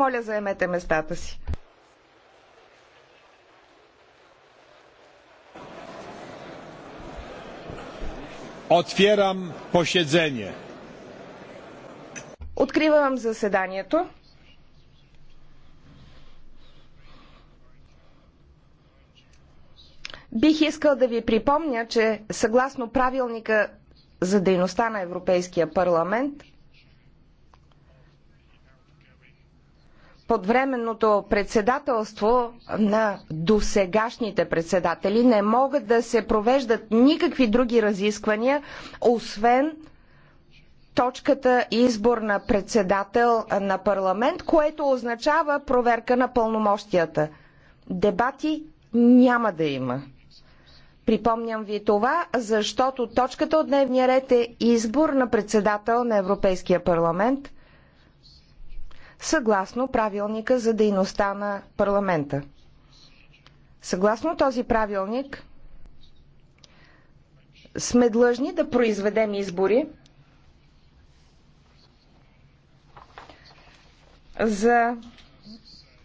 Моля, заемете местата си. Отвирам поседение. Откривам заседанието. Бих искал да ви припомня, че съгласно правилника за дейността на Европейския парламент, под временното председателство на досегашните председатели не могат да се провеждат никакви други разисквания, освен точката избор на председател на парламент, което означава проверка на пълномощията. Дебати няма да има. Припомням ви това, защото точката от дневния ред е избор на председател на Европейския парламент – съгласно правилника за дейността на парламента. Съгласно този правилник сме длъжни да произведем избори за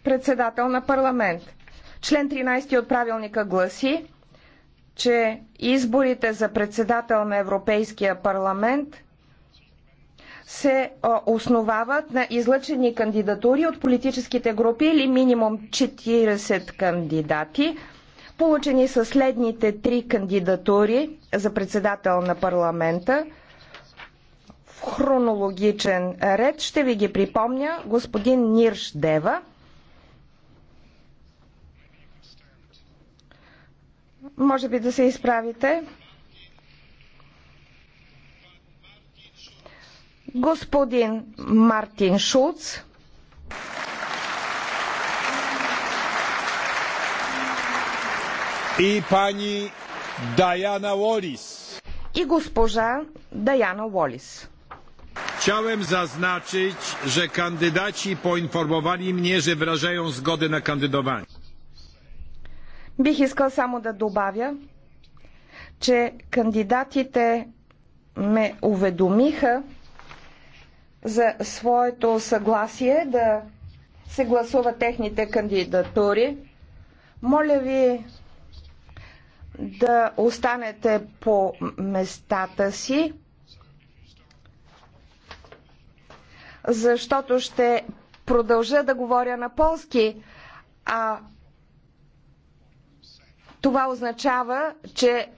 председател на парламент. Член 13 от правилника гласи, че изборите за председател на Европейския парламент – се основават на излъчени кандидатури от политическите групи или минимум 40 кандидати. Получени са следните три кандидатури за председател на парламента в хронологичен ред. Ще ви ги припомня господин Нирш Дева, може би да се изправите. господин Мартин Шулц. И пани Даяна Волис. И госпожа Даяна Волис. Chciałem zaznaczyć, że kandydaci poinformowali mnie, że wyrażają zgodę na kandydowanie. Bych chciał samo da dobawia, że kandydaci te me уведомиха, за своето съгласие да се гласуват техните кандидатури. Моля ви да останете по местата си, защото ще продължа да говоря на полски, а това означава, че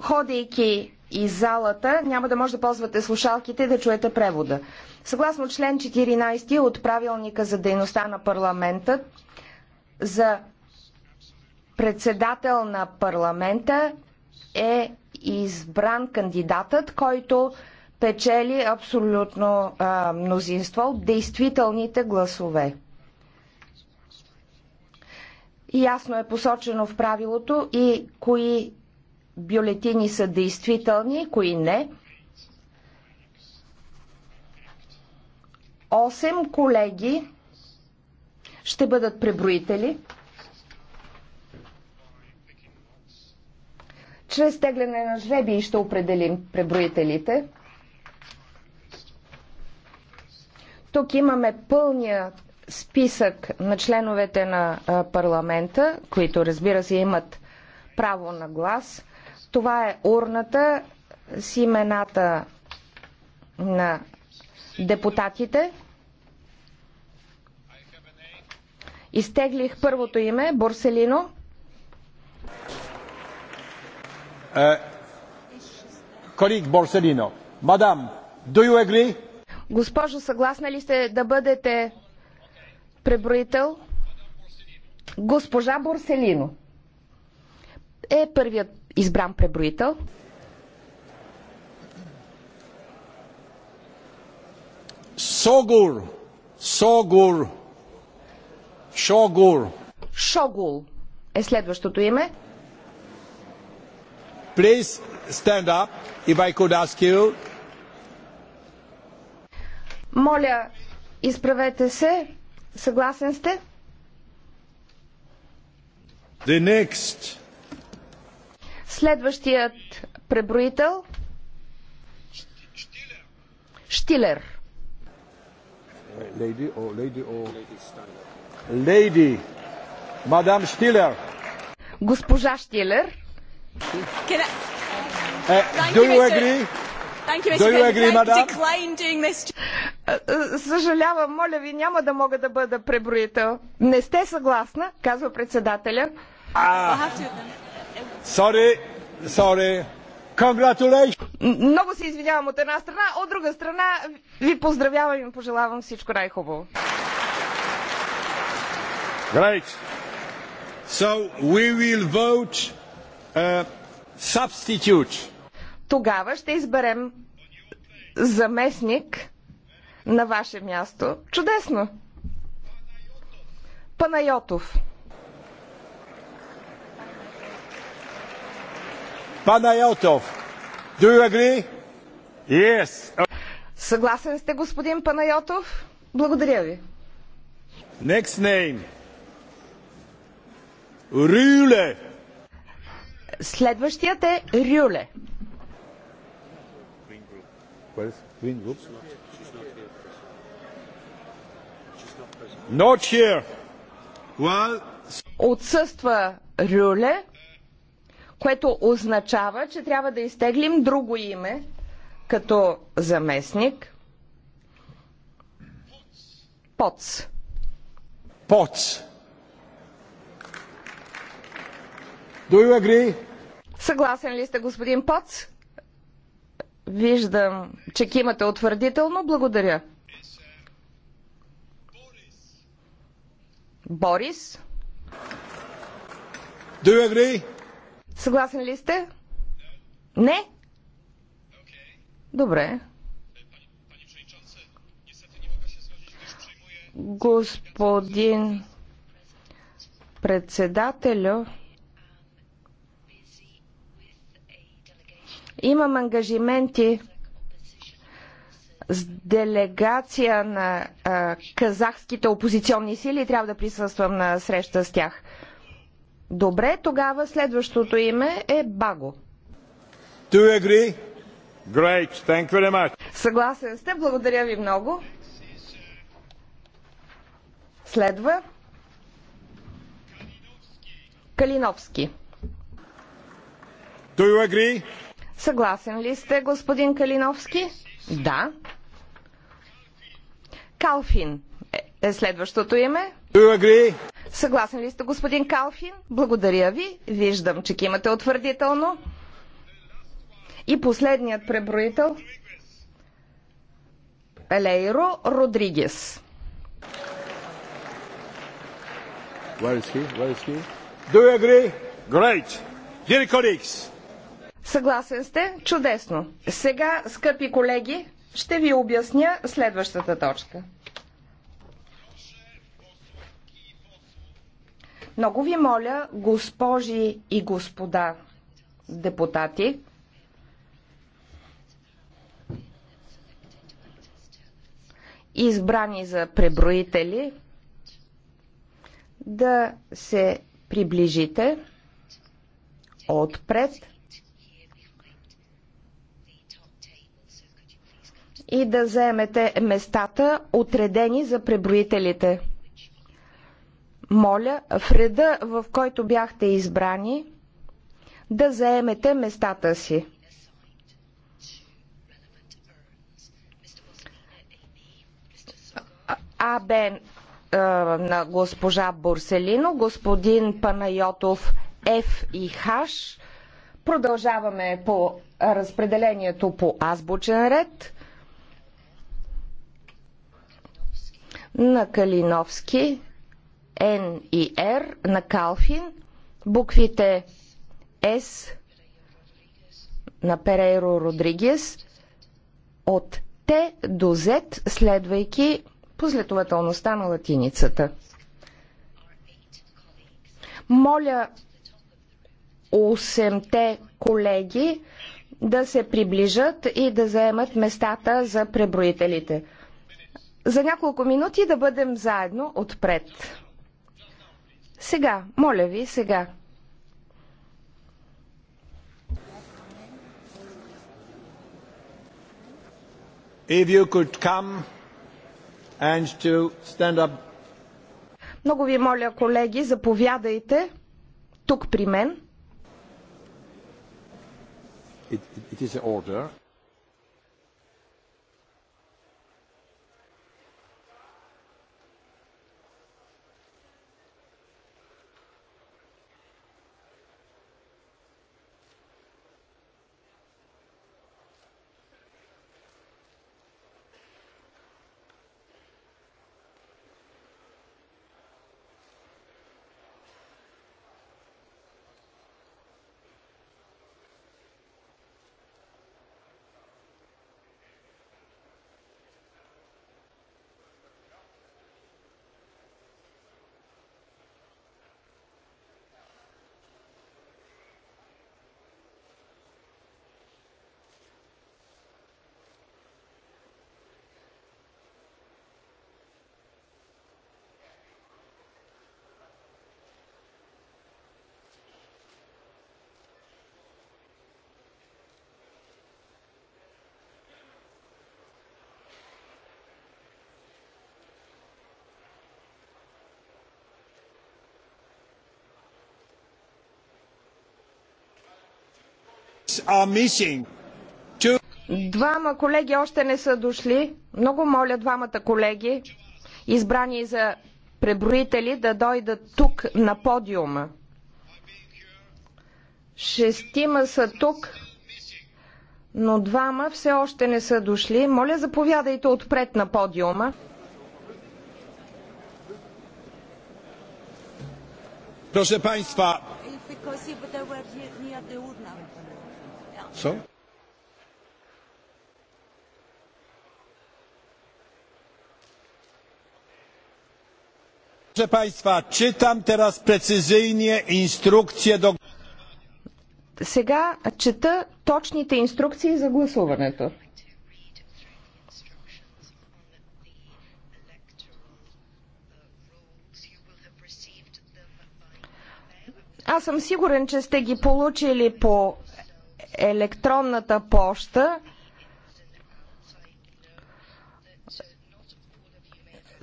ходейки и залата няма да може да ползвате слушалките и да чуете превода. Съгласно член 14 от правилника за дейността на парламента, за председател на парламента е избран кандидатът, който печели абсолютно а, мнозинство от действителните гласове. Ясно е посочено в правилото и кои бюлетини са действителни, кои не. Осем колеги ще бъдат преброители. Чрез тегляне на жребии ще определим преброителите. Тук имаме пълния списък на членовете на парламента, които разбира се имат право на глас. Това е урната с имената на депутатите. Изтеглих първото име, Борселино. Колег Колик Борселино. Мадам, do you agree? Госпожо, съгласна ли сте да бъдете преброител? Госпожа Борселино е първият избран преброител. Согур. Согур. Шогур. Шогул е следващото име. Please stand up, if I could ask you. Моля, изправете се. Съгласен сте? The next Следващият преброител Штилер. Лейди о, леди, о. Леди, Мадам Штилер. Госпожа Штилер. Е, е, е, съжалявам, моля ви, няма да мога да бъда преброител. Не сте съгласна, казва председателя. Ah. Sorry, sorry. Congratulations. Много се извинявам от една страна, от друга страна ви поздравявам и пожелавам всичко най-хубаво. Great. So we will vote a uh, substitute. Тогава ще изберем заместник на ваше място. Чудесно! Панайотов. do you agree? Yes. Съгласен сте, господин Панайотов? Благодаря ви. Next name. Рюле. Следващият е Рюле. Not here. Well... Отсъства Рюле което означава, че трябва да изтеглим друго име като заместник. Поц. Поц. Do you agree? Съгласен ли сте, господин Поц? Виждам, че кимате утвърдително. Благодаря. Борис. Do you agree? Съгласен ли сте? Не? Добре. Господин председателю, имам ангажименти с делегация на а, казахските опозиционни сили и трябва да присъствам на среща с тях. Добре, тогава следващото име е Баго. Do you agree? Great, thank you very much. Съгласен сте, благодаря ви много. Следва Калиновски. Do you agree? Съгласен ли сте, господин Калиновски? Да. Калфин е, е следващото име. Do you agree? Съгласен ли сте, господин Калфин? Благодаря ви. Виждам, че кимате утвърдително. И последният преброител. Елейро Родригес. Where is he? Where is he? Do you agree? Great. Dear colleagues. Съгласен сте? Чудесно. Сега, скъпи колеги, ще ви обясня следващата точка. Много ви моля, госпожи и господа депутати, избрани за преброители, да се приближите отпред и да заемете местата, отредени за преброителите моля в реда, в който бяхте избрани, да заемете местата си. бе, е, на госпожа Борселино, господин Панайотов Ф и Хаш. Продължаваме по разпределението по азбучен ред. На Калиновски. N и R на Калфин, буквите S на Перейро Родригес от Т до Z, следвайки последователността на латиницата. Моля осемте колеги да се приближат и да заемат местата за преброителите. За няколко минути да бъдем заедно отпред. Сега, моля ви, сега. If you could come and to stand up. Много ви моля, колеги, заповядайте тук при мен. It, it is order. Двама колеги още не са дошли. Много моля двамата колеги, избрани за преброители, да дойдат тук на подиума. Шестима са тук, но двама все още не са дошли. Моля, заповядайте отпред на подиума. Proszę Państwa, Co? Proszę Państwa, czytam teraz precyzyjnie instrukcję do... Сега чета точните инструкции за гласуването. Аз съм сигурен, че сте ги получили по електронната поща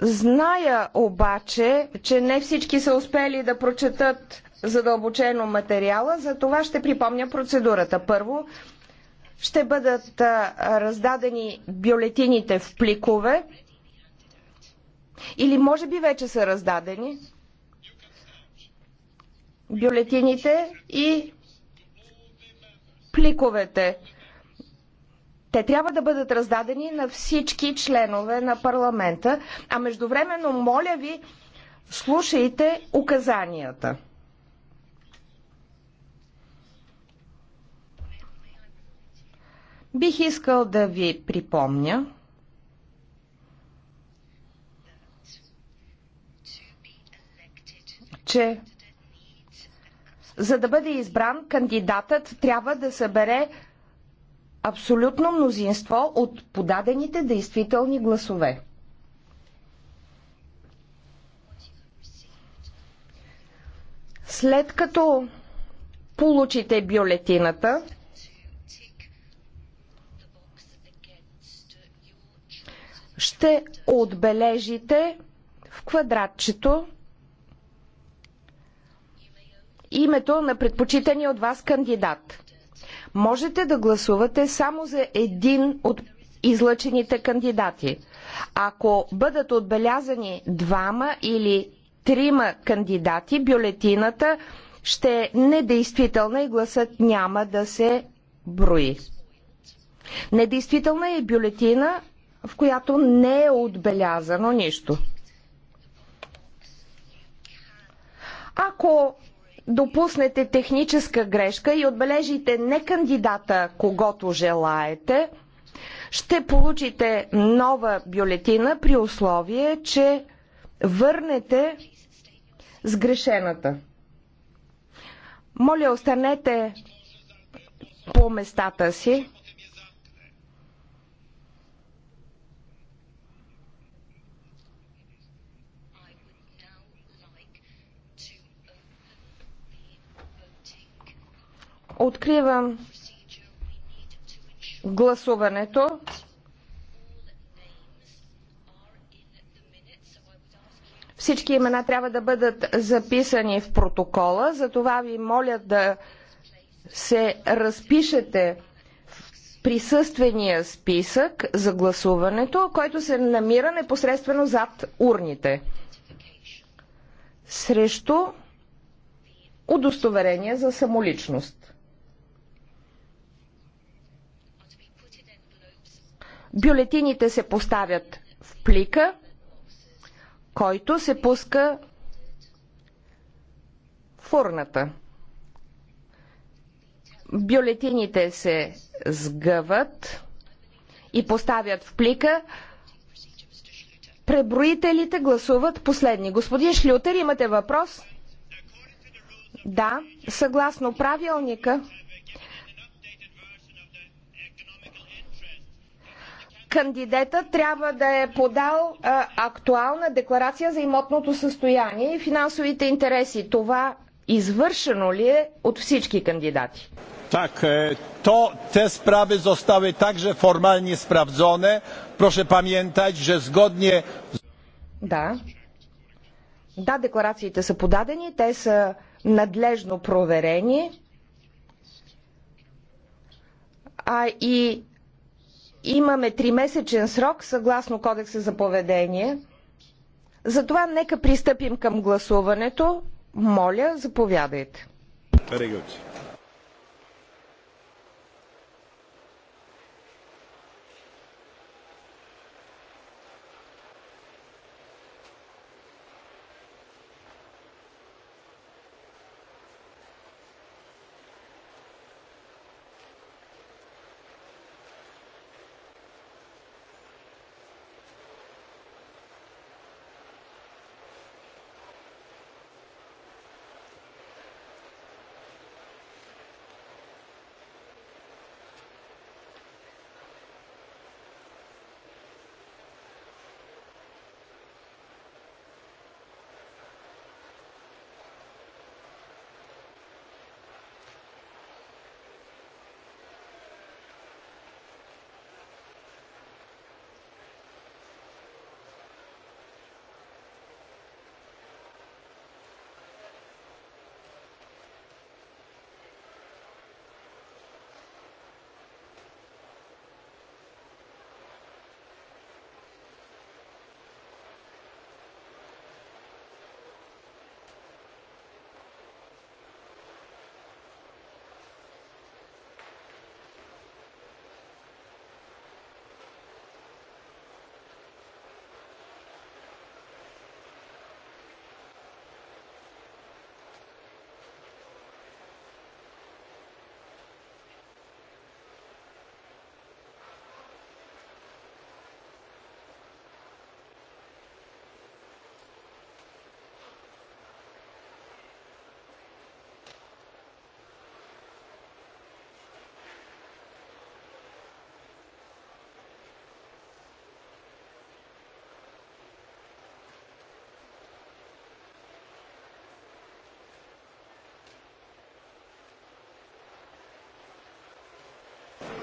Зная обаче, че не всички са успели да прочетат задълбочено материала, за това ще припомня процедурата. Първо, ще бъдат раздадени бюлетините в пликове или може би вече са раздадени бюлетините и пликовете. Те трябва да бъдат раздадени на всички членове на парламента, а междувременно, моля ви, слушайте указанията. Бих искал да ви припомня, че за да бъде избран, кандидатът трябва да събере абсолютно мнозинство от подадените действителни гласове. След като получите бюлетината, ще отбележите в квадратчето името на предпочитания от вас кандидат. Можете да гласувате само за един от излъчените кандидати. Ако бъдат отбелязани двама или трима кандидати, бюлетината ще е недействителна и гласът няма да се брои. Недействителна е бюлетина, в която не е отбелязано нищо. Ако допуснете техническа грешка и отбележите не кандидата, когато желаете, ще получите нова бюлетина при условие, че върнете сгрешената. Моля, останете по местата си. Откривам гласуването. Всички имена трябва да бъдат записани в протокола, затова ви моля да се разпишете в присъствения списък за гласуването, който се намира непосредствено зад урните. Срещу удостоверение за самоличност. Бюлетините се поставят в плика, който се пуска в урната. Бюлетините се сгъват и поставят в плика. Преброителите гласуват последни. Господин Шлютер, имате въпрос? Да, съгласно правилника. кандидата трябва да е подал а, актуална декларация за имотното състояние и финансовите интереси. Това извършено ли е от всички кандидати? Tak, to te sprawy zostały także formalnie sprawdzone. Proszę pamiętać, że zgodnie. Da. Da deklaracje te są подадени, te są nadleżno проверени. A i Имаме тримесечен срок, съгласно Кодекса за поведение. Затова нека пристъпим към гласуването. Моля, заповядайте. Very good.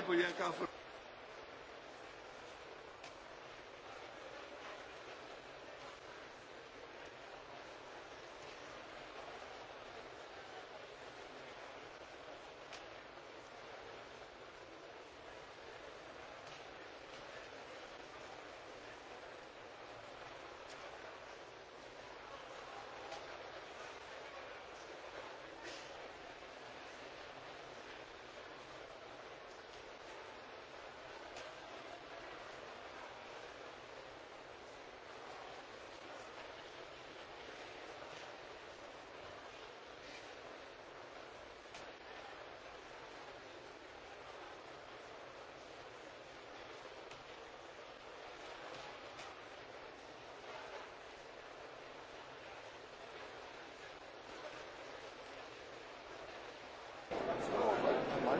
vogliamo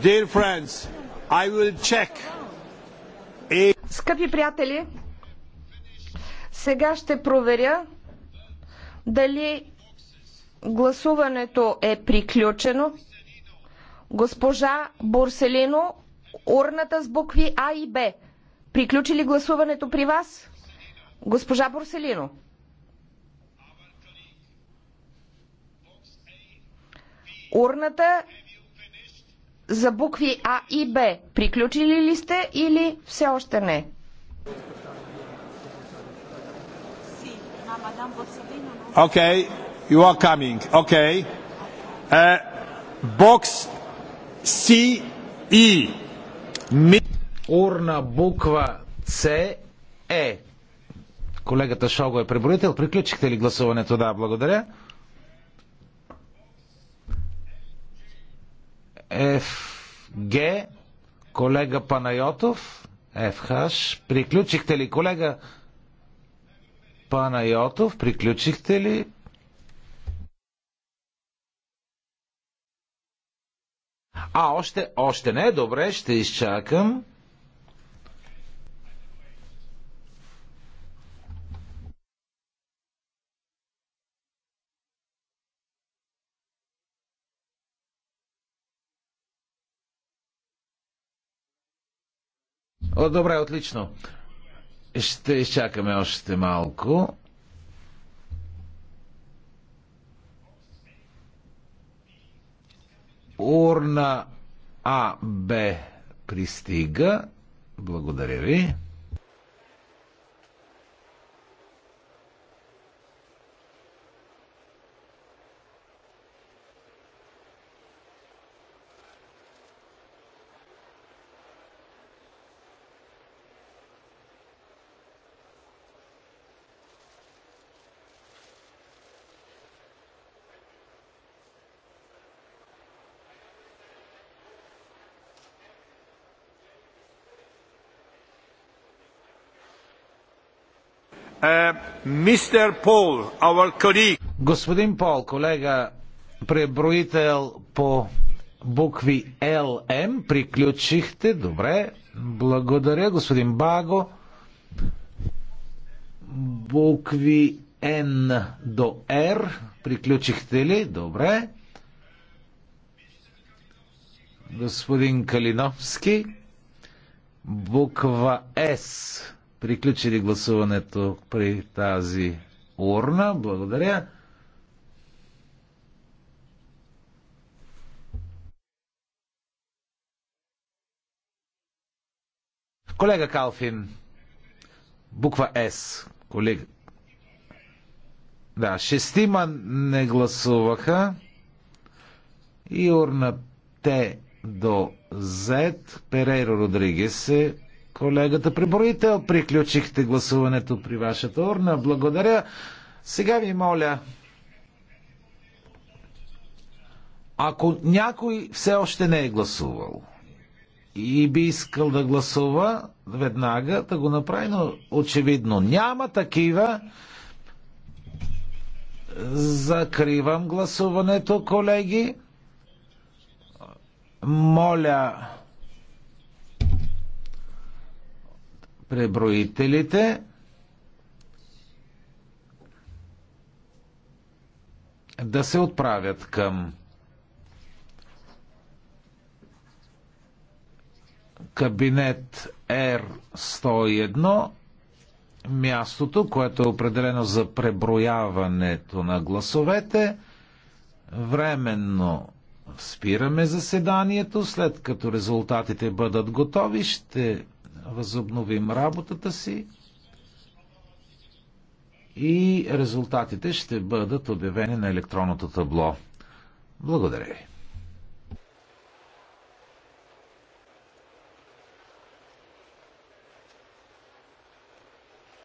Dear friends, I will check. Скъпи приятели, сега ще проверя дали гласуването е приключено. Госпожа Борселино, урната с букви А и Б. Приключи ли гласуването при вас? Госпожа Борселино. Урната за букви А и Б. Приключили ли сте или все още не? Okay, you are coming. Okay. Uh, box C E. Урна буква С Е. Колегата Шого е преброител. Приключихте ли гласуването? Да, благодаря. Е ФГ, колега Панайотов, е ФХ. Приключихте ли, колега Панайотов? Приключихте ли? А, още, още не, добре, ще изчакам. Добре, отлично. Ще изчакаме още малко. Урна А, Б пристига. Благодаря ви. Господин Пол, колега, преброител по букви ЛМ, приключихте. Добре. Благодаря, господин Баго. Букви Н до Р. Приключихте ли? Добре. Господин Калиновски. Буква С Приключили гласуването при тази урна? Благодаря. Колега Калфин, буква С. Колега. Да, шестима не гласуваха. И урна Т е до Z. Перейро Родригес е колегата преброител. Приключихте гласуването при вашата урна. Благодаря. Сега ви моля, ако някой все още не е гласувал и би искал да гласува веднага, да го направи, но очевидно няма такива. Закривам гласуването, колеги. Моля преброителите. да се отправят към кабинет R101, мястото, което е определено за преброяването на гласовете. Временно спираме заседанието, след като резултатите бъдат готови, ще възобновим работата си и резултатите ще бъдат обявени на електронното табло. Благодаря ви.